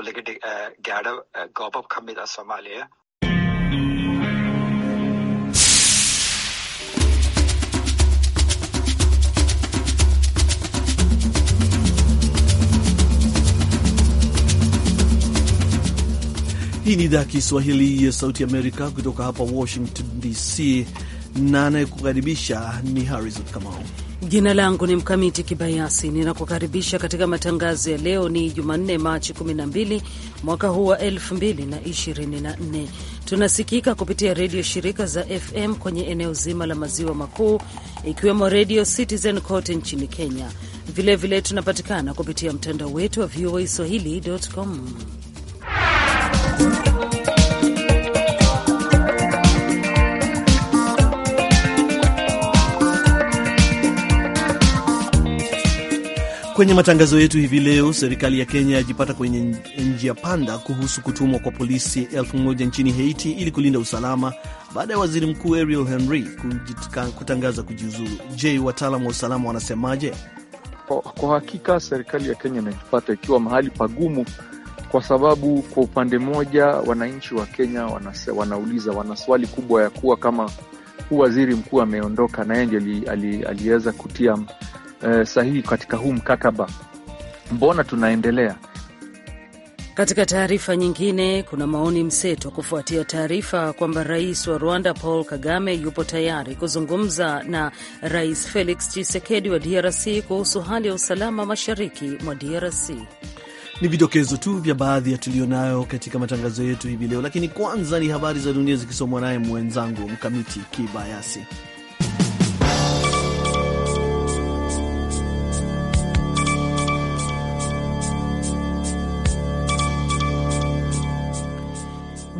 Hii ni idhaa ya Kiswahili ya Sauti Amerika kutoka hapa Washington DC, na anayekukaribisha ni Harrison Kamau. Jina langu ni Mkamiti Kibayasi, ninakukaribisha katika matangazo ya leo. Ni Jumanne, Machi 12 mwaka huu wa 2024. Tunasikika kupitia redio shirika za FM kwenye eneo zima la maziwa makuu, ikiwemo Redio Citizen kote nchini Kenya. Vilevile vile tunapatikana kupitia mtandao wetu wa VOA swahili.com Kwenye matangazo yetu hivi leo, serikali ya Kenya yajipata kwenye njia panda kuhusu kutumwa kwa polisi elfu moja nchini Haiti ili kulinda usalama baada ya waziri mkuu Ariel Henry kutangaza kujiuzulu. Je, wataalam wa usalama wanasemaje? Kwa, kwa hakika serikali ya Kenya inajipata ikiwa mahali pagumu, kwa sababu kwa upande mmoja wananchi wa Kenya wanase, wanauliza wana swali kubwa ya kuwa kama huu waziri mkuu ameondoka na yeye ndiye aliweza kutia eh, sahihi katika huu mkataba? Mbona tunaendelea katika taarifa nyingine, kuna maoni mseto kufuatia taarifa kwamba rais wa Rwanda Paul Kagame yupo tayari kuzungumza na Rais Felix Tshisekedi wa DRC kuhusu hali ya usalama mashariki mwa DRC. Ni vidokezo tu vya baadhi ya tuliyonayo katika matangazo yetu hivi leo, lakini kwanza ni habari za dunia zikisomwa naye mwenzangu Mkamiti Kibayasi.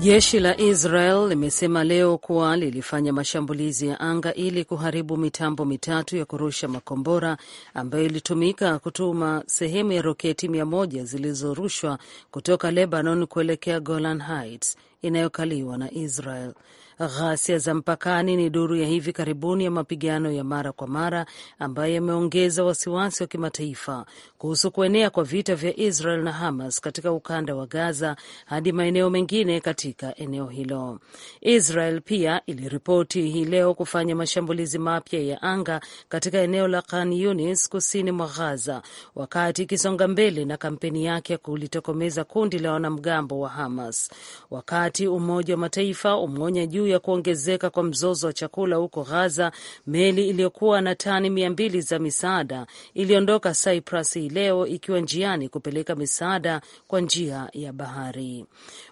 Jeshi la Israel limesema leo kuwa lilifanya mashambulizi ya anga ili kuharibu mitambo mitatu ya kurusha makombora ambayo ilitumika kutuma sehemu ya roketi mia moja zilizorushwa kutoka Lebanon kuelekea Golan Heights inayokaliwa na Israel. Ghasia za mpakani ni duru ya hivi karibuni ya mapigano ya mara kwa mara ambayo yameongeza wasiwasi wa kimataifa kuhusu kuenea kwa vita vya Israel na Hamas katika ukanda wa Gaza hadi maeneo mengine katika eneo hilo. Israel pia iliripoti hii leo kufanya mashambulizi mapya ya anga katika eneo la Khan Yunis kusini mwa Gaza, wakati ikisonga mbele na kampeni yake ya kulitokomeza kundi la wanamgambo wa Hamas, wakati Umoja wa Mataifa umeonya juu juu ya kuongezeka kwa mzozo wa chakula huko Gaza, meli iliyokuwa na tani mia mbili za misaada iliondoka Cyprus hii leo ikiwa njiani kupeleka misaada kwa njia ya bahari.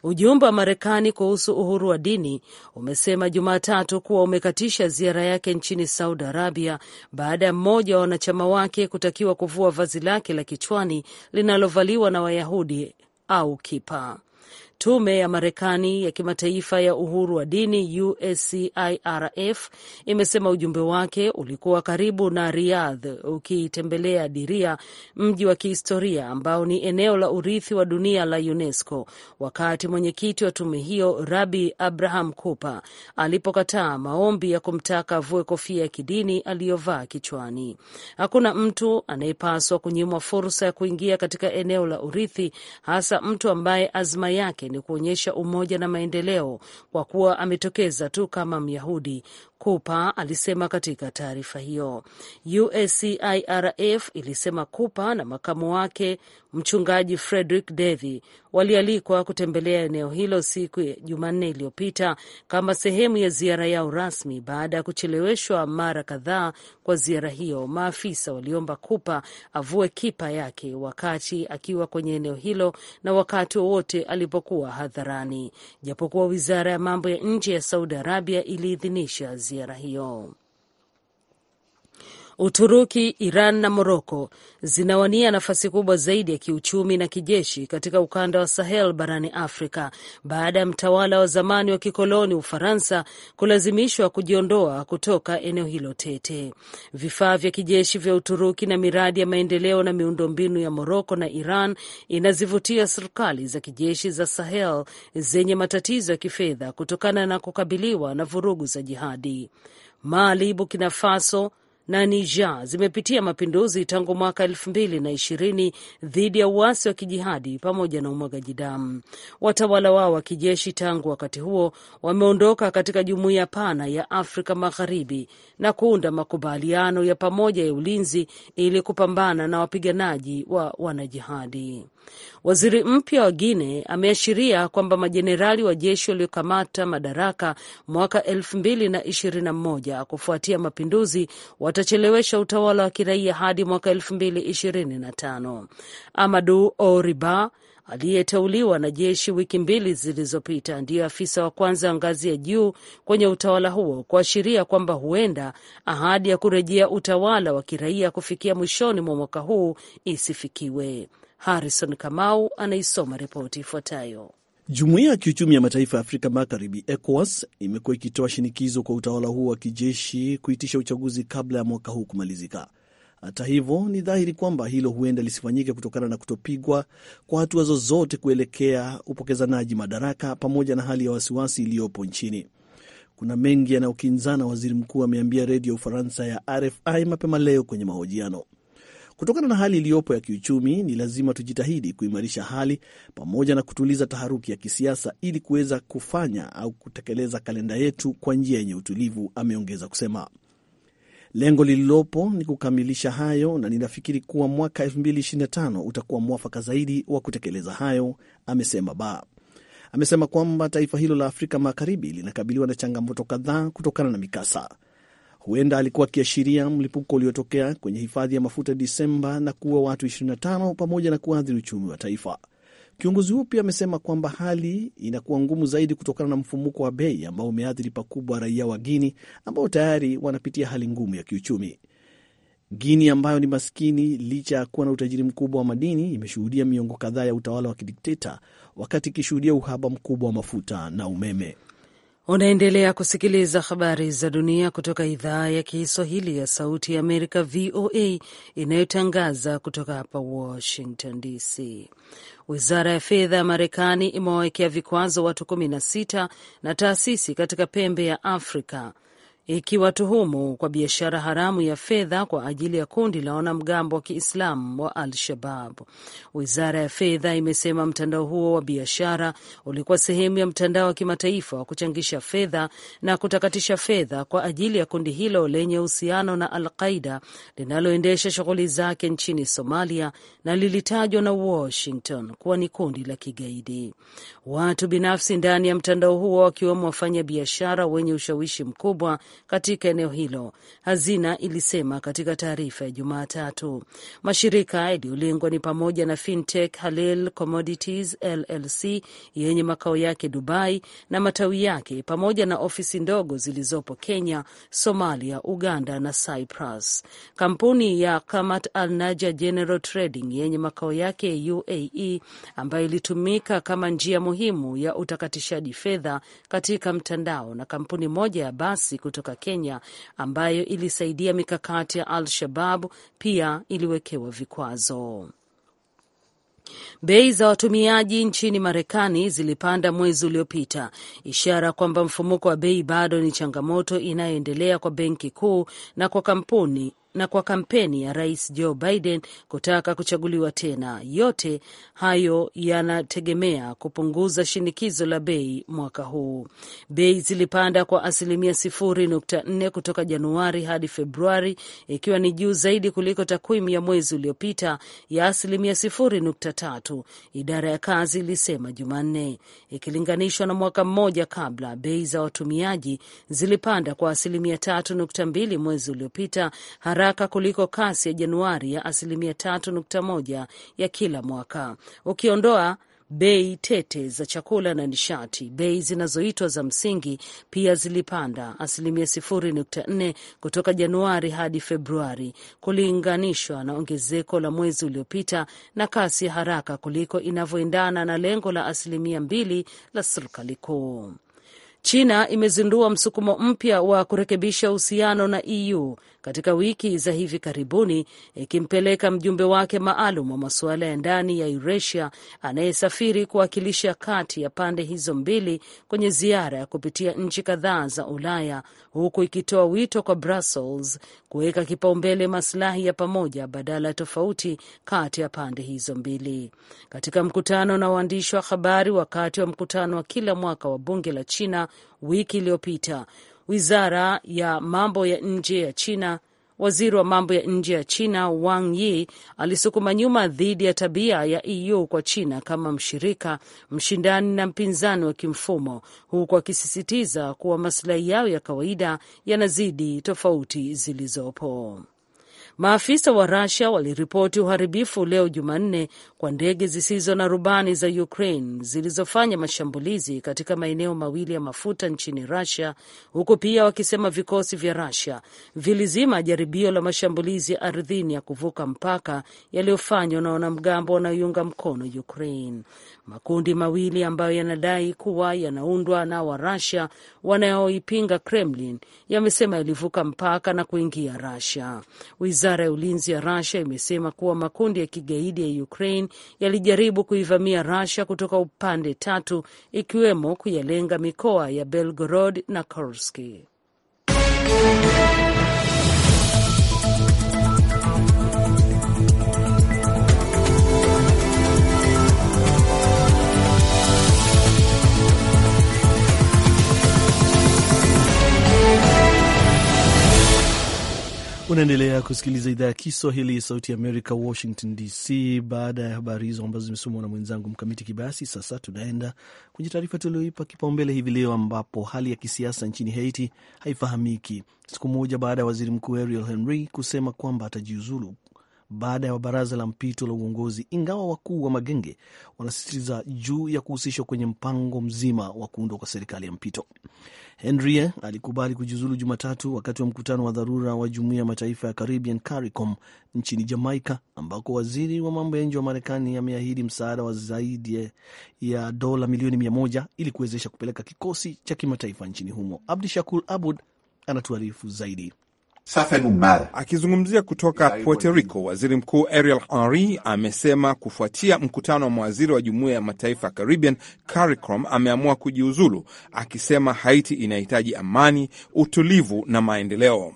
Ujumbe wa Marekani kuhusu uhuru wa dini umesema Jumatatu kuwa umekatisha ziara yake nchini Saudi Arabia baada ya mmoja wa wanachama wake kutakiwa kuvua vazi lake la kichwani linalovaliwa na Wayahudi au kipa. Tume ya Marekani ya Kimataifa ya Uhuru wa Dini, USCIRF, imesema ujumbe wake ulikuwa karibu na Riyadh ukitembelea Diria, mji wa kihistoria ambao ni eneo la urithi wa dunia la UNESCO, wakati mwenyekiti wa tume hiyo Rabi Abraham Cooper alipokataa maombi ya kumtaka avue kofia ya kidini aliyovaa kichwani. Hakuna mtu anayepaswa kunyimwa fursa ya kuingia katika eneo la urithi, hasa mtu ambaye azma yake ni kuonyesha umoja na maendeleo, kwa kuwa ametokeza tu kama Myahudi Cooper alisema katika taarifa hiyo. USCIRF ilisema Cooper na makamu wake mchungaji Frederick Devy walialikwa kutembelea eneo hilo siku ya Jumanne iliyopita kama sehemu ya ziara yao rasmi baada ya kucheleweshwa mara kadhaa kwa ziara hiyo. Maafisa waliomba Kupa avue kipa yake wakati akiwa kwenye eneo hilo na wakati wowote alipokuwa hadharani, japokuwa wizara ya mambo ya nje ya Saudi Arabia iliidhinisha fazer a Uturuki, Iran na Moroko zinawania nafasi kubwa zaidi ya kiuchumi na kijeshi katika ukanda wa Sahel barani Afrika baada ya mtawala wa zamani wa kikoloni Ufaransa kulazimishwa kujiondoa kutoka eneo hilo tete. Vifaa vya kijeshi vya Uturuki na miradi ya maendeleo na miundombinu ya Moroko na Iran inazivutia serikali za kijeshi za Sahel zenye matatizo ya kifedha kutokana na kukabiliwa na vurugu za jihadi. Mali, Burkina Faso, na Niger zimepitia mapinduzi tangu mwaka elfu mbili na ishirini dhidi ya uasi wa kijihadi pamoja na umwagaji damu. Watawala wao wa kijeshi tangu wakati huo wameondoka katika jumuiya pana ya Afrika Magharibi na kuunda makubaliano ya pamoja ya ulinzi ili kupambana na wapiganaji wa wanajihadi. Waziri mpya wa Guine ameashiria kwamba majenerali wa jeshi waliokamata madaraka mwaka elfu mbili na ishirini na moja kufuatia mapinduzi watachelewesha utawala wa kiraia hadi mwaka elfu mbili ishirini na tano. Amadu Oriba aliyeteuliwa na jeshi wiki mbili zilizopita ndiyo afisa wa kwanza wa ngazi ya juu kwenye utawala huo kuashiria kwamba huenda ahadi ya kurejea utawala wa kiraia kufikia mwishoni mwa mwaka huu isifikiwe. Harrison Kamau anaisoma ripoti ifuatayo. Jumuiya ya kiuchumi ya mataifa ya Afrika Magharibi, ECOWAS, imekuwa ikitoa shinikizo kwa utawala huo wa kijeshi kuitisha uchaguzi kabla ya mwaka huu kumalizika. Hata hivyo, ni dhahiri kwamba hilo huenda lisifanyike kutokana na kutopigwa kwa hatua zozote kuelekea upokezanaji madaraka pamoja na hali ya wasiwasi iliyopo nchini. Kuna mengi yanayokinzana, waziri mkuu ameambia redio ya Ufaransa ya RFI mapema leo kwenye mahojiano. Kutokana na hali iliyopo ya kiuchumi, ni lazima tujitahidi kuimarisha hali pamoja na kutuliza taharuki ya kisiasa ili kuweza kufanya au kutekeleza kalenda yetu kwa njia yenye utulivu, ameongeza kusema. Lengo lililopo ni kukamilisha hayo na ninafikiri kuwa mwaka 2025 utakuwa mwafaka zaidi wa kutekeleza hayo, amesema Ba. Amesema kwamba taifa hilo la Afrika Magharibi linakabiliwa na changamoto kadhaa kutokana na mikasa huenda alikuwa akiashiria mlipuko uliotokea kwenye hifadhi ya mafuta Desemba na kuua watu 25 pamoja na kuathiri uchumi wa taifa. Kiongozi huyo pia amesema kwamba hali inakuwa ngumu zaidi kutokana na mfumuko wa bei ambao umeathiri pakubwa raia wa Guini ambao tayari wanapitia hali ngumu ya kiuchumi. Guini ambayo ni maskini licha ya kuwa na utajiri mkubwa wa madini imeshuhudia miongo kadhaa ya utawala wa kidikteta wakati ikishuhudia uhaba mkubwa wa mafuta na umeme. Unaendelea kusikiliza habari za dunia kutoka idhaa ya Kiswahili ya Sauti ya Amerika, VOA, inayotangaza kutoka hapa Washington DC. Wizara ya fedha ya Marekani imewawekea vikwazo watu 16 na taasisi katika pembe ya Afrika ikiwatuhumu kwa biashara haramu ya fedha kwa ajili ya kundi la wanamgambo wa Kiislamu wa Al-Shabab. Wizara ya fedha imesema mtandao huo wa biashara ulikuwa sehemu ya mtandao wa kimataifa wa kuchangisha fedha na kutakatisha fedha kwa ajili ya kundi hilo lenye uhusiano na Al-Qaida linaloendesha shughuli zake nchini Somalia na lilitajwa na Washington kuwa ni kundi la kigaidi. Watu binafsi ndani ya mtandao huo wakiwemo wafanya biashara wenye ushawishi mkubwa katika eneo hilo, hazina ilisema katika taarifa ya Jumatatu. Mashirika yaliyolengwa ni pamoja na Fintech Halil Commodities LLC yenye makao yake Dubai na matawi yake pamoja na ofisi ndogo zilizopo Kenya, Somalia, Uganda na Cyprus. Kampuni ya Kamat Al Naja General Trading yenye makao yake UAE ambayo ilitumika kama njia muhimu ya utakatishaji fedha katika mtandao na kampuni moja ya basi kutoka kutoka Kenya ambayo ilisaidia mikakati ya Al-Shabab pia iliwekewa vikwazo. Bei za watumiaji nchini Marekani zilipanda mwezi uliopita, ishara kwamba mfumuko wa bei bado ni changamoto inayoendelea kwa benki kuu na kwa kampuni na kwa kampeni ya Rais Joe Biden kutaka kuchaguliwa tena. Yote hayo yanategemea kupunguza shinikizo la bei mwaka huu. Bei zilipanda kwa asilimia 0.4 kutoka Januari hadi Februari, ikiwa ni juu zaidi kuliko takwimu ya mwezi uliopita ya asilimia 0.3, idara ya kazi ilisema Jumanne, ikilinganishwa na mwaka mmoja kabla. Bei za watumiaji zilipanda kwa asilimia 32 mwezi uliopita hara haraka kuliko kasi ya Januari ya asilimia 3.1 ya kila mwaka, ukiondoa bei tete za chakula na nishati. Bei zinazoitwa za msingi pia zilipanda asilimia 0.4 kutoka Januari hadi Februari kulinganishwa na ongezeko la mwezi uliopita na kasi ya haraka kuliko inavyoendana na lengo la asilimia mbili la serikali kuu. China imezindua msukumo mpya wa kurekebisha uhusiano na EU katika wiki za hivi karibuni, ikimpeleka mjumbe wake maalum wa masuala ya ndani ya Eurasia anayesafiri kuwakilisha kati ya pande hizo mbili kwenye ziara ya kupitia nchi kadhaa za Ulaya, huku ikitoa wito kwa Brussels kuweka kipaumbele masilahi ya pamoja badala ya tofauti kati ya pande hizo mbili. Katika mkutano na waandishi wa habari wakati wa mkutano wa kila mwaka wa bunge la China wiki iliyopita wizara ya mambo ya nje ya China. Waziri wa mambo ya nje ya China Wang Yi alisukuma nyuma dhidi ya tabia ya EU kwa China kama mshirika, mshindani na mpinzani wa kimfumo, huku akisisitiza kuwa masilahi yao ya kawaida yanazidi tofauti zilizopo. Maafisa wa rasia waliripoti uharibifu leo Jumanne kwa ndege zisizo na rubani za Ukraine zilizofanya mashambulizi katika maeneo mawili ya mafuta nchini rasia huku pia wakisema vikosi vya rasia vilizima jaribio la mashambulizi ardhini ya kuvuka mpaka yaliyofanywa na wanamgambo wanaoiunga mkono Ukraine. Makundi mawili ambayo yanadai kuwa yanaundwa na Warusia wanaoipinga Kremlin yamesema yalivuka mpaka na kuingia rasia Wizara ya ulinzi ya rusia imesema kuwa makundi ya kigaidi ya Ukraine yalijaribu kuivamia Russia kutoka upande tatu, ikiwemo kuyalenga mikoa ya Belgorod na Kursk. Unaendelea kusikiliza idhaa ya Kiswahili ya Sauti ya Amerika, Washington DC. Baada ya habari hizo ambazo zimesomwa na mwenzangu Mkamiti Kibayasi, sasa tunaenda kwenye taarifa tulioipa kipaumbele hivi leo, ambapo hali ya kisiasa nchini Haiti haifahamiki siku moja baada ya waziri mkuu Ariel Henry kusema kwamba atajiuzulu baada ya baraza la mpito la uongozi, ingawa wakuu wa magenge wanasisitiza juu ya kuhusishwa kwenye mpango mzima wa kuundwa kwa serikali ya mpito. Henrie alikubali kujiuzulu Jumatatu wakati wa mkutano wa dharura wa Jumuiya ya Mataifa ya Caribbean, CARICOM, nchini Jamaica, ambako waziri wa mambo ya nje wa Marekani ameahidi msaada wa zaidi ya dola milioni mia moja ili kuwezesha kupeleka kikosi cha kimataifa nchini humo. Abdi Shakur Abud anatuarifu zaidi. Akizungumzia kutoka Puerto Rico, waziri mkuu Ariel Henry amesema kufuatia mkutano wa mawaziri wa jumuiya ya mataifa ya Caribbean, CARICOM, ameamua kujiuzulu, akisema Haiti inahitaji amani, utulivu na maendeleo.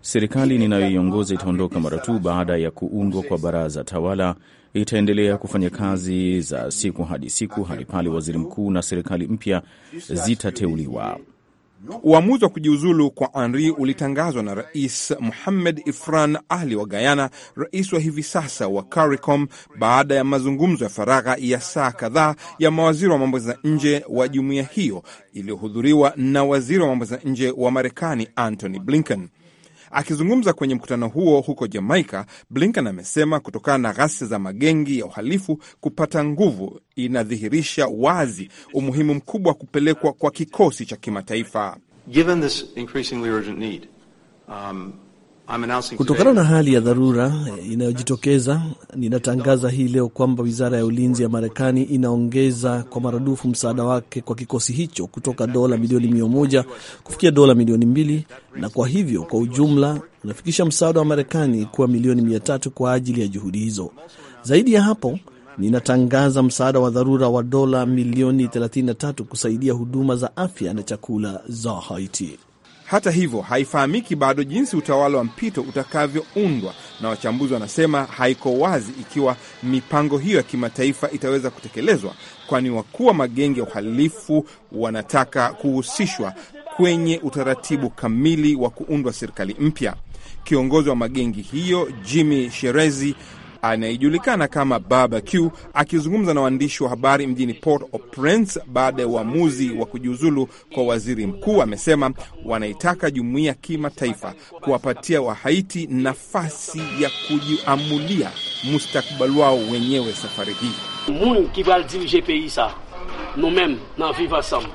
Serikali ninayoiongoza itaondoka mara tu baada ya kuundwa kwa baraza tawala. Itaendelea kufanya kazi za siku hadi siku hadi pale waziri mkuu na serikali mpya zitateuliwa. Uamuzi wa kujiuzulu kwa Henri ulitangazwa na Rais Mohamed Ifran Ali wa Guyana, rais wa hivi sasa wa CARICOM, baada ya mazungumzo ya faragha ya saa kadhaa ya mawaziri wa mambo za nje wa jumuiya hiyo iliyohudhuriwa na waziri wa mambo za nje wa Marekani Antony Blinken. Akizungumza kwenye mkutano huo huko Jamaika, Blinken amesema kutokana na ghasia za magengi ya uhalifu kupata nguvu inadhihirisha wazi umuhimu mkubwa wa kupelekwa kwa kikosi cha kimataifa. Given this increasingly urgent need, um, Kutokana na hali ya dharura inayojitokeza, ninatangaza hii leo kwamba wizara ya ulinzi ya Marekani inaongeza kwa maradufu msaada wake kwa kikosi hicho kutoka dola milioni mia moja kufikia dola milioni mbili, na kwa hivyo kwa ujumla unafikisha msaada wa Marekani kuwa milioni mia tatu kwa ajili ya juhudi hizo. Zaidi ya hapo ninatangaza msaada wa dharura wa dola milioni 33 kusaidia huduma za afya na chakula za Haiti. Hata hivyo, haifahamiki bado jinsi utawala wa mpito utakavyoundwa, na wachambuzi wanasema haiko wazi ikiwa mipango hiyo ya kimataifa itaweza kutekelezwa, kwani wakuu wa magenge ya uhalifu wanataka kuhusishwa kwenye utaratibu kamili wa kuundwa serikali mpya. Kiongozi wa magengi hiyo Jimmy Sherezi anayejulikana kama Barbecue akizungumza na waandishi wa habari mjini Port au Prince baada ya uamuzi wa kujiuzulu kwa waziri mkuu, amesema wanaitaka jumuiya ya kimataifa kuwapatia Wahaiti nafasi ya kujiamulia mustakbali wao wenyewe safari hii.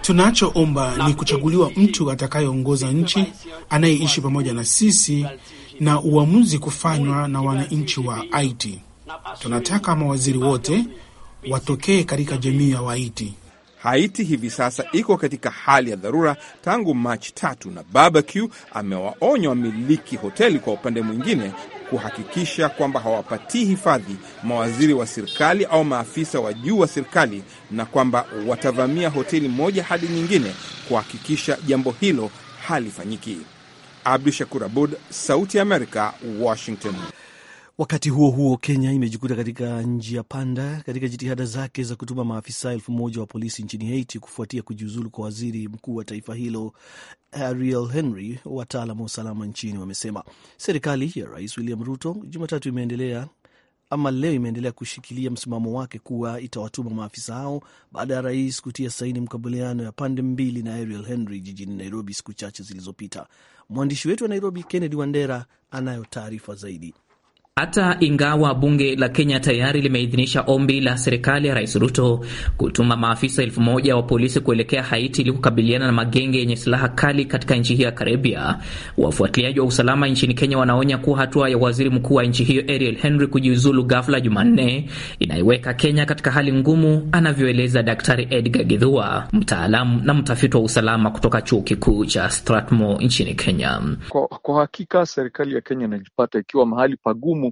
Tunachoomba ni kuchaguliwa mtu atakayeongoza nchi anayeishi pamoja na sisi na uamuzi kufanywa na wananchi wa Haiti. Tunataka mawaziri wote watokee katika jamii ya Wahaiti. Haiti hivi sasa iko katika hali ya dharura tangu Machi tatu, na barbecue amewaonya wamiliki hoteli kwa upande mwingine kuhakikisha kwamba hawapatii hifadhi mawaziri wa serikali au maafisa wa juu wa serikali, na kwamba watavamia hoteli moja hadi nyingine kuhakikisha jambo hilo halifanyiki. Abdu Shakur Abud, Sauti ya Amerika, Washington. Wakati huo huo, Kenya imejikuta katika njia panda katika jitihada zake za kutuma maafisa elfu moja wa polisi nchini Haiti kufuatia kujiuzulu kwa waziri mkuu wa taifa hilo Ariel Henry. Wataalam wa usalama nchini wamesema serikali ya Rais William Ruto Jumatatu imeendelea ama leo imeendelea kushikilia msimamo wake kuwa itawatuma maafisa hao baada ya rais kutia saini makubaliano ya pande mbili na Ariel Henry jijini Nairobi siku chache zilizopita. Mwandishi wetu wa Nairobi, Kennedy Wandera, anayo taarifa zaidi. Hata ingawa bunge la Kenya tayari limeidhinisha ombi la serikali ya Rais Ruto kutuma maafisa elfu moja wa polisi kuelekea Haiti ili kukabiliana na magenge yenye silaha kali katika nchi hiyo ya Karibia, wafuatiliaji wa usalama nchini Kenya wanaonya kuwa hatua ya waziri mkuu wa nchi hiyo Ariel Henry kujiuzulu ghafla Jumanne inaiweka Kenya katika hali ngumu, anavyoeleza Daktari Edgar Githua, mtaalamu na mtafiti wa usalama kutoka chuo kikuu cha Strathmore nchini Kenya. Kwa, kwa hakika serikali ya Kenya inajipata ikiwa mahali pagumu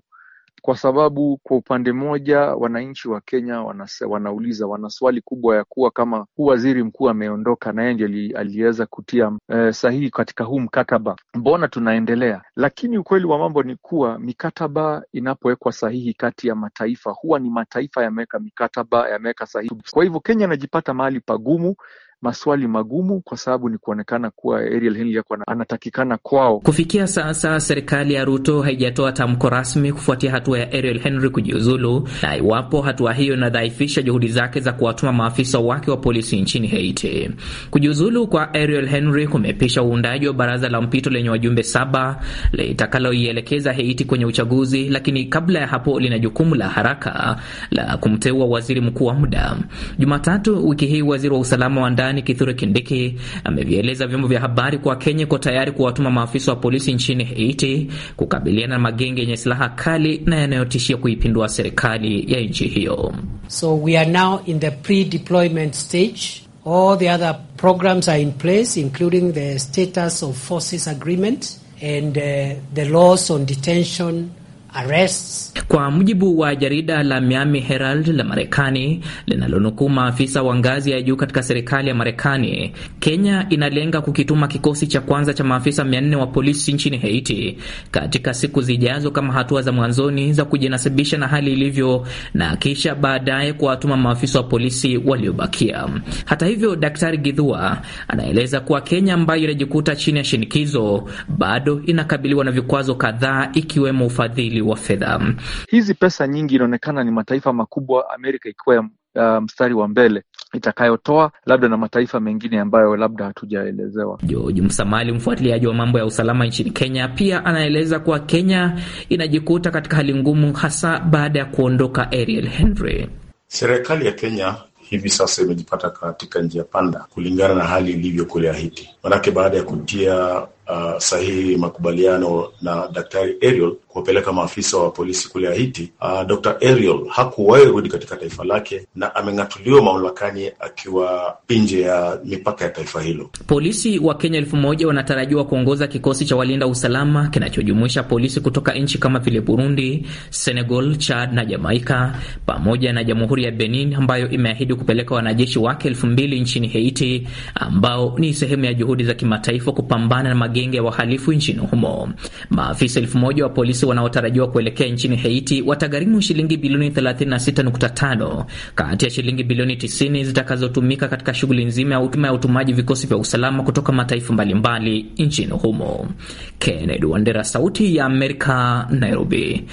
kwa sababu kwa upande mmoja wananchi wa kenya wanase, wanauliza wana swali kubwa ya kuwa kama huu waziri mkuu ameondoka na yeye aliweza kutia eh, sahihi katika huu mkataba mbona tunaendelea lakini ukweli wa mambo ni kuwa mikataba inapowekwa sahihi kati ya mataifa huwa ni mataifa yameweka mikataba yameweka sahihi kwa hivyo kenya inajipata mahali pagumu maswali magumu, kwa sababu ni kuonekana kuwa Ariel Henry yako anatakikana kwao. Kufikia sasa serikali ya Ruto haijatoa tamko rasmi kufuatia hatua ya Ariel Henry kujiuzulu, na iwapo hatua hiyo inadhaifisha juhudi zake za kuwatuma maafisa wake wa polisi nchini Haiti. Kujiuzulu kwa Ariel Henry kumepisha uundaji wa baraza la mpito lenye wajumbe saba litakaloielekeza Haiti kwenye uchaguzi, lakini kabla ya hapo lina jukumu la haraka la kumteua waziri mkuu wa muda. Jumatatu wiki hii waziri wa usalama wa ndani Kindiki Kithure Kindiki amevieleza vyombo vya habari kuwa Kenya iko tayari kuwatuma maafisa wa polisi nchini Haiti kukabiliana na magenge yenye silaha kali na yanayotishia kuipindua serikali ya nchi hiyo. So we are now in the pre-deployment stage. All the other programs are in place including the status of forces agreement and uh, the laws on detention arrests. Kwa mujibu wa jarida la Miami Herald la Marekani linalonukuu maafisa wa ngazi ya juu katika serikali ya Marekani, Kenya inalenga kukituma kikosi cha kwanza cha maafisa 400 wa polisi nchini Haiti katika siku zijazo kama hatua za mwanzoni za kujinasibisha na hali ilivyo na kisha baadaye kuwatuma maafisa wa polisi waliobakia. Hata hivyo, Daktari Gidhua anaeleza kuwa Kenya ambayo inajikuta chini ya shinikizo bado inakabiliwa na vikwazo kadhaa ikiwemo ufadhili wa fedha. Hizi pesa nyingi inaonekana ni mataifa makubwa, Amerika ikiwa uh, mstari wa mbele itakayotoa labda na mataifa mengine ambayo labda hatujaelezewa. George Msamali, mfuatiliaji wa mambo ya usalama nchini Kenya, pia anaeleza kuwa Kenya inajikuta katika hali ngumu, hasa baada ya kuondoka Ariel Henry. Serikali ya Kenya hivi sasa imejipata katika njia panda kulingana na hali ilivyo kule Haiti, manake baada ya kutia uh, sahihi makubaliano na Daktari Ariel kuwapeleka maafisa wa polisi kule Haiti. Uh, Dr. Ariel hakuwahi rudi katika taifa lake na ameng'atuliwa mamlakani akiwa nje ya mipaka ya taifa hilo. Polisi wa Kenya elfu moja wanatarajiwa kuongoza kikosi cha walinda usalama kinachojumuisha polisi kutoka nchi kama vile Burundi, Senegal, Chad na Jamaika pamoja na Jamhuri ya Benin ambayo imeahidi kupeleka wanajeshi wake elfu mbili nchini Haiti ambao ni sehemu ya juhudi za kimataifa kupambana na magenge ya wahalifu nchini humo. Maafisa elfu moja wa polisi wanaotarajiwa kuelekea nchini Haiti watagharimu shilingi bilioni 36.5 kati ya shilingi bilioni 90 zitakazotumika katika shughuli nzima ya utuma ya utumaji vikosi vya usalama kutoka mataifa mbalimbali nchini humo. Kennedy Wandera, Sauti ya Amerika, Nairobi.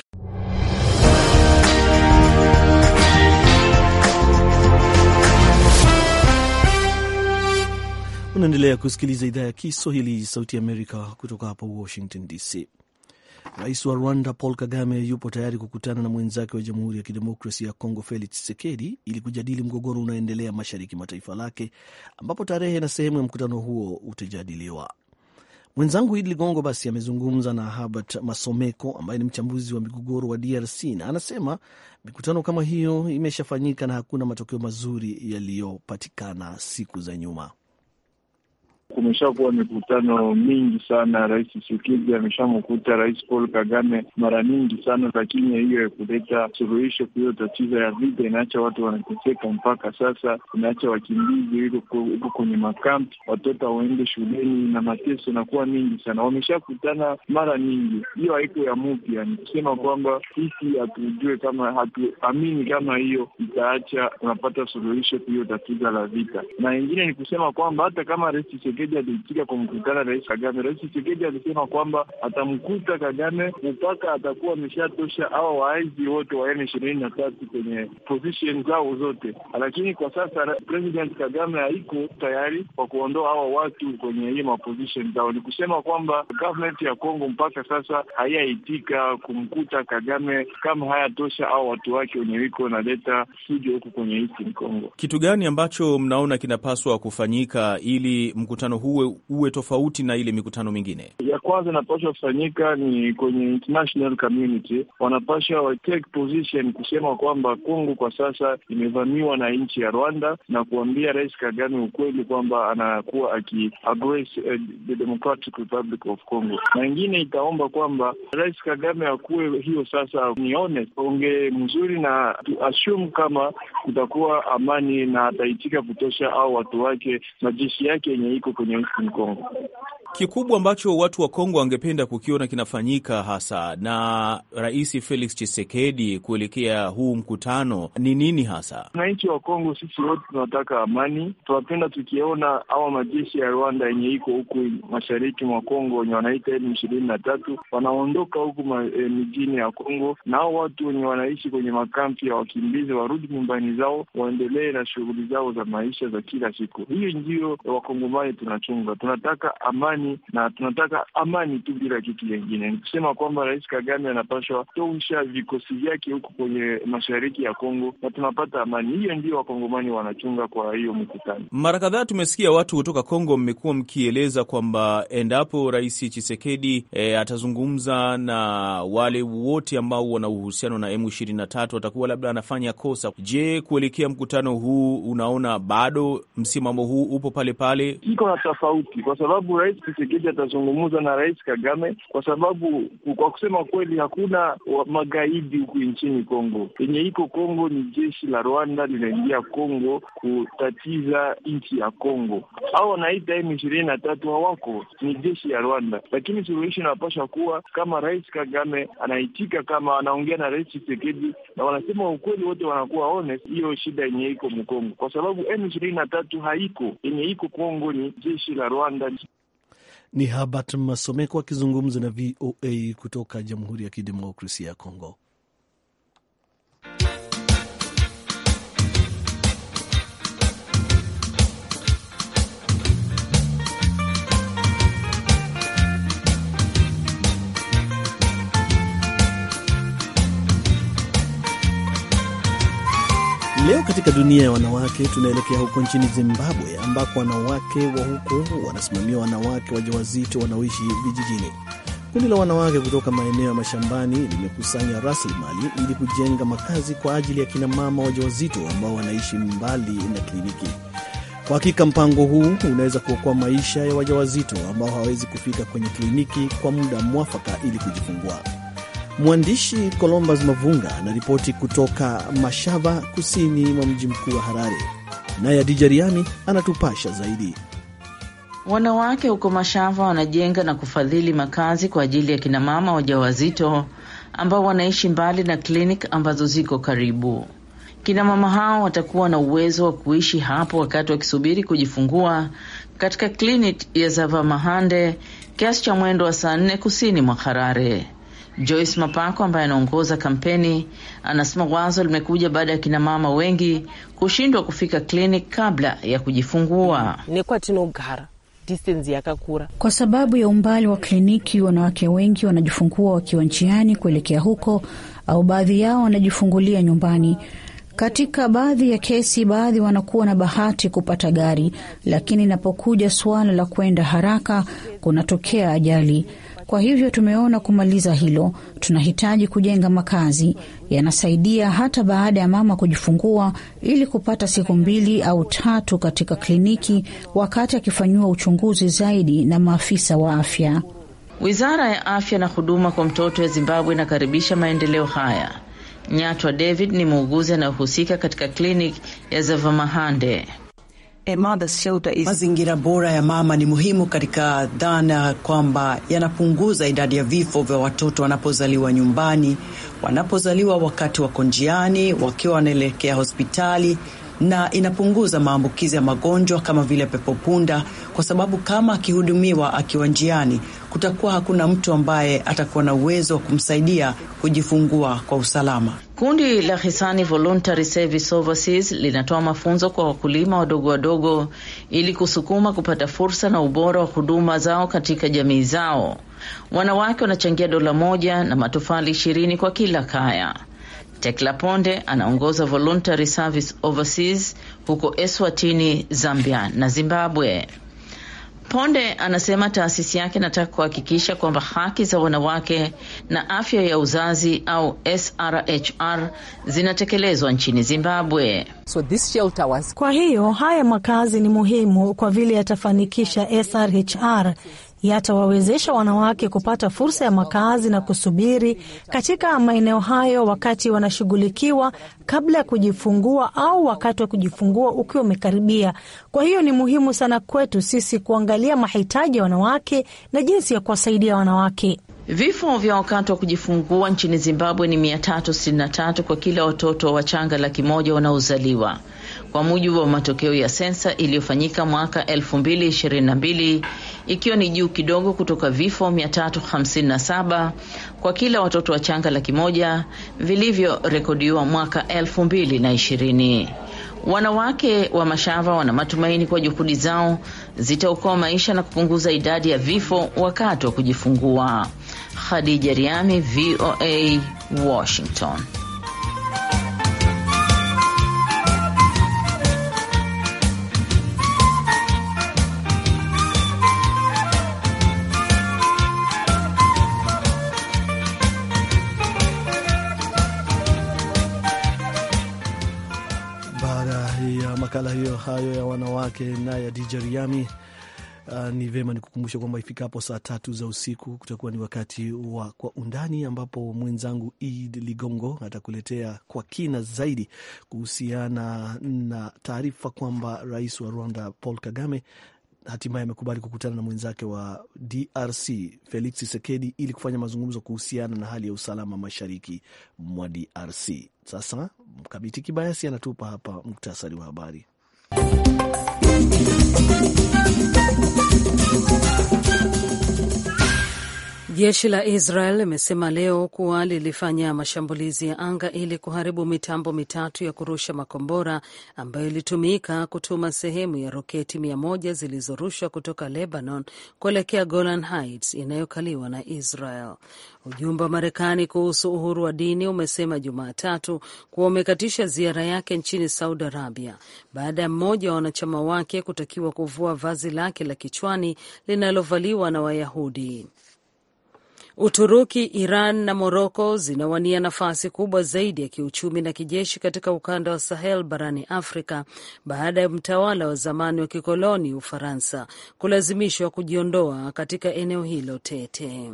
Unaendelea kusikiliza idhaa ya Kiswahili, Sauti ya Amerika kutoka hapa Washington DC. Rais wa Rwanda Paul Kagame yupo tayari kukutana na mwenzake wa Jamhuri ya Kidemokrasia ya Kongo Felix Tshisekedi ili kujadili mgogoro unaoendelea mashariki mwa taifa lake, ambapo tarehe na sehemu ya mkutano huo utajadiliwa. Mwenzangu Idi Ligongo basi amezungumza na Herbert Masomeko ambaye ni mchambuzi wa migogoro wa DRC na anasema mikutano kama hiyo imeshafanyika na hakuna matokeo mazuri yaliyopatikana siku za nyuma. Kumeshakuwa mikutano mingi sana. Rais Tshisekedi ameshamkuta Rais Paul Kagame mara nyingi sana, lakini hiyo ya kuleta suluhisho kwa hiyo tatizo ya vita inaacha watu wanateseka mpaka sasa, inaacha wakimbizi huko kwenye makampi, watoto waende shuleni na mateso inakuwa mingi sana. Wameshakutana mara nyingi, hiyo haiko ya mupya. Nikisema kwamba sisi hatujue kama hatuamini kama hiyo itaacha unapata suluhisho kwa hiyo tatizo la vita, na ingine ni kusema kwamba hata kama Rais Tshisekedi Chisekedi aliitika kumkutana Rais Kagame. Rais Chisekedi alisema kwamba atamkuta Kagame mpaka atakuwa ameshatosha awa waazi wote wa ene ishirini na tatu kwenye position zao zote, lakini kwa sasa President Kagame haiko tayari kwa kuondoa hawa watu kwenye hii maposition zao. Ni kusema kwamba government ya Kongo mpaka sasa hayaitika kumkuta Kagame kama hayatosha au watu wake wenye wiko naleta fujo huku kwenye nchi Kongo. Kitu gani ambacho mnaona kinapaswa kufanyika ili mkutano mkutano huo uwe tofauti na ile mikutano mingine? Ya kwanza inapaswa kufanyika ni kwenye international community, wa take position kusema kwamba Kongo kwa sasa imevamiwa na nchi ya Rwanda na kuambia Rais Kagame ukweli kwamba anakuwa aki aggress eh, the Democratic Republic of Congo, na ingine itaomba kwamba Rais Kagame akuwe hiyo sasa ni honest, onge mzuri na to assume kama kutakuwa amani na ataitika kutosha, au watu wake na jeshi yake yenye iko 去年成功。kikubwa ambacho watu wa Kongo wangependa kukiona kinafanyika hasa na Rais Felix Tshisekedi kuelekea huu mkutano ni nini hasa? Wananchi wa Kongo sisi wote tunataka amani, tunapenda tukiona awa majeshi ya Rwanda yenye iko huku mashariki mwa Kongo wenye wanaita elfu ishirini na tatu wanaondoka huku eh, mijini ya Kongo, na hao watu wenye wanaishi kwenye makampi ya wakimbizi warudi nyumbani zao, waendelee na shughuli zao za maisha za kila siku. Hiyo ndiyo wakongomani tunachunga, tunataka amani amani, na tunataka amani tu bila kitu kingine. Ni kusema kwamba Rais Kagame anapashwa tosha vikosi vyake huko kwenye mashariki ya Kongo na tunapata amani. Hiyo ndio wakongomani wanachunga. Kwa hiyo mkutano, mara kadhaa tumesikia watu kutoka Kongo mmekuwa mkieleza kwamba endapo Rais Chisekedi e, eh, atazungumza na wale wote ambao wana uhusiano na M ishirini na tatu atakuwa labda anafanya kosa. Je, kuelekea mkutano huu unaona bado msimamo huu upo pale pale? Iko na tofauti kwa sababu Rais Tshisekedi atazungumza na Rais Kagame, kwa sababu kwa kusema kweli hakuna magaidi huku nchini Kongo. Yenye iko Kongo ni jeshi la Rwanda linaingia Kongo kutatiza nchi ya Kongo, au wanaita M ishirini na tatu hawako, ni jeshi ya Rwanda. Lakini suluhisho inapasha kuwa kama Rais Kagame anaitika, kama anaongea na Rais Tshisekedi na wanasema ukweli, wote wanakuwa honest, hiyo shida yenye iko Mkongo, kwa sababu M ishirini na tatu haiko, yenye iko Kongo ni jeshi la Rwanda. Ni Habert Masomeko akizungumza na VOA kutoka Jamhuri ya Kidemokrasia ya Kongo. Leo katika dunia ya wanawake, tunaelekea huko nchini Zimbabwe ambako wanawake wa huko wanasimamia wanawake wajawazito wanaoishi vijijini. Kundi la wanawake kutoka maeneo ya mashambani limekusanya rasilimali ili kujenga makazi kwa ajili ya kinamama wajawazito ambao wanaishi mbali na kliniki. Kwa hakika mpango huu unaweza kuokoa maisha ya wajawazito ambao hawawezi kufika kwenye kliniki kwa muda mwafaka ili kujifungua. Mwandishi Columbus Mavunga anaripoti kutoka mashava kusini mwa mji mkuu wa Harare, naye Adija Riami anatupasha zaidi. Wanawake huko Mashava wanajenga na kufadhili makazi kwa ajili ya kinamama wajawazito ambao wanaishi mbali na klinik ambazo ziko karibu. Kinamama hao watakuwa na uwezo wa kuishi hapo wakati wakisubiri kujifungua katika klinik ya Zavamahande, kiasi cha mwendo wa saa nne kusini mwa Harare. Joyce Mapako ambaye anaongoza kampeni anasema wazo limekuja baada ya kina mama wengi kushindwa kufika kliniki kabla ya kujifungua. Kwa sababu ya umbali wa kliniki, wanawake wengi wanajifungua wakiwa njiani kuelekea huko, au baadhi yao wanajifungulia nyumbani. Katika baadhi ya kesi, baadhi wanakuwa na bahati kupata gari, lakini inapokuja suala la kwenda haraka, kunatokea ajali. Kwa hivyo tumeona kumaliza hilo, tunahitaji kujenga makazi yanasaidia hata baada ya mama kujifungua, ili kupata siku mbili au tatu katika kliniki wakati akifanyiwa uchunguzi zaidi na maafisa wa afya. Wizara ya Afya na Huduma kwa Mtoto ya Zimbabwe inakaribisha maendeleo haya. Nyatwa David ni muuguzi anayohusika katika kliniki ya Zavamahande. Eh, mother's shelter is... mazingira bora ya mama ni muhimu katika dhana kwamba yanapunguza idadi ya vifo vya watoto wanapozaliwa nyumbani, wanapozaliwa wakati wako njiani, wakiwa wanaelekea hospitali na inapunguza maambukizi ya magonjwa kama vile pepopunda, kwa sababu kama akihudumiwa akiwa njiani, kutakuwa hakuna mtu ambaye atakuwa na uwezo wa kumsaidia kujifungua kwa usalama. Kundi la hisani Voluntary Service Overseas linatoa mafunzo kwa wakulima wadogo wadogo ili kusukuma kupata fursa na ubora wa huduma zao katika jamii zao. Wanawake wanachangia dola moja na matofali ishirini kwa kila kaya. Tekla Ponde anaongoza Voluntary Service Overseas huko Eswatini, Zambia na Zimbabwe. Ponde anasema taasisi yake inataka kuhakikisha kwamba haki za wanawake na afya ya uzazi au SRHR zinatekelezwa nchini Zimbabwe. So this shelter was... Kwa hiyo haya makazi ni muhimu kwa vile yatafanikisha SRHR yatawawezesha wanawake kupata fursa ya makazi na kusubiri katika maeneo hayo wakati wanashughulikiwa kabla ya kujifungua au wakati wa kujifungua ukiwa umekaribia. Kwa hiyo ni muhimu sana kwetu sisi kuangalia mahitaji ya wanawake na jinsi ya kuwasaidia wanawake. Vifo vya wakati wa kujifungua nchini Zimbabwe ni 363 kwa kila watoto wachanga laki moja wanaozaliwa, kwa mujibu wa matokeo ya sensa iliyofanyika mwaka 2022 ikiwa ni juu kidogo kutoka vifo 357 kwa kila watoto wachanga laki moja vilivyorekodiwa mwaka 2020. Wanawake wa Mashava wana matumaini kwa juhudi zao zitaokoa maisha na kupunguza idadi ya vifo wakati wa kujifungua. Khadija Riami, VOA, Washington. makala hiyo hayo ya wanawake na ya DJ Riami. Uh, ni vema nikukumbusha kwamba ifikapo saa tatu za usiku kutakuwa ni wakati wa Kwa Undani, ambapo mwenzangu Ed Ligongo atakuletea kwa kina zaidi kuhusiana na taarifa kwamba rais wa Rwanda Paul Kagame hatimaye amekubali kukutana na mwenzake wa DRC Felix Tshisekedi ili kufanya mazungumzo kuhusiana na hali ya usalama mashariki mwa DRC. Sasa Mkabiti Kibayasi anatupa hapa muktasari wa habari. Jeshi la Israel limesema leo kuwa lilifanya mashambulizi ya anga ili kuharibu mitambo mitatu ya kurusha makombora ambayo ilitumika kutuma sehemu ya roketi mia moja zilizorushwa kutoka Lebanon kuelekea Golan Heights inayokaliwa na Israel. Ujumbe wa Marekani kuhusu uhuru wa dini umesema Jumatatu kuwa umekatisha ziara yake nchini Saudi Arabia baada ya mmoja wa wanachama wake kutakiwa kuvua vazi lake la kichwani linalovaliwa na Wayahudi. Uturuki, Iran na Moroko zinawania nafasi kubwa zaidi ya kiuchumi na kijeshi katika ukanda wa Sahel barani Afrika baada ya mtawala wa zamani wa kikoloni Ufaransa kulazimishwa kujiondoa katika eneo hilo tete.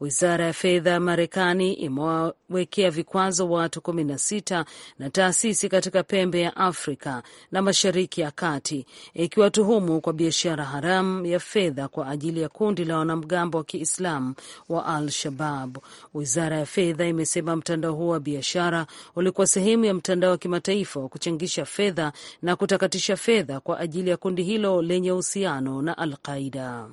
Wizara ya fedha ya Marekani imewawekea vikwazo watu kumi na sita na taasisi katika pembe ya Afrika na Mashariki ya Kati ikiwatuhumu kwa biashara haramu ya fedha kwa ajili ya kundi la wanamgambo wa Kiislamu wa Al-Shabab. Wizara ya fedha imesema mtandao huo wa biashara ulikuwa sehemu ya mtandao wa kimataifa wa kuchangisha fedha na kutakatisha fedha kwa ajili ya kundi hilo lenye uhusiano na Al-Qaida.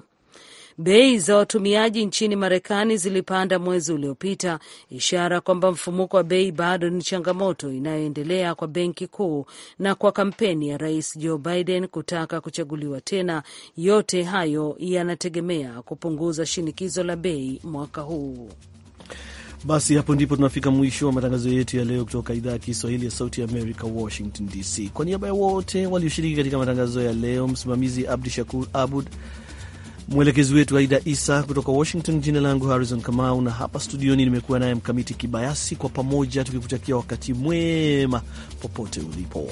Bei za watumiaji nchini Marekani zilipanda mwezi uliopita, ishara kwamba mfumuko wa bei bado ni changamoto inayoendelea kwa benki kuu na kwa kampeni ya Rais Joe Biden kutaka kuchaguliwa tena. Yote hayo yanategemea kupunguza shinikizo la bei mwaka huu. Basi hapo ndipo tunafika mwisho wa matangazo yetu ya leo kutoka idhaa ya Kiswahili ya Sauti ya Amerika, Washington DC. Kwa niaba ya wote walioshiriki katika matangazo ya leo, msimamizi Abdu Shakur Abud, mwelekezi wetu Aida Isa kutoka Washington. Jina langu Harrison Kamau na hapa studioni nimekuwa naye Mkamiti Kibayasi, kwa pamoja tukikutakia wakati mwema popote ulipo.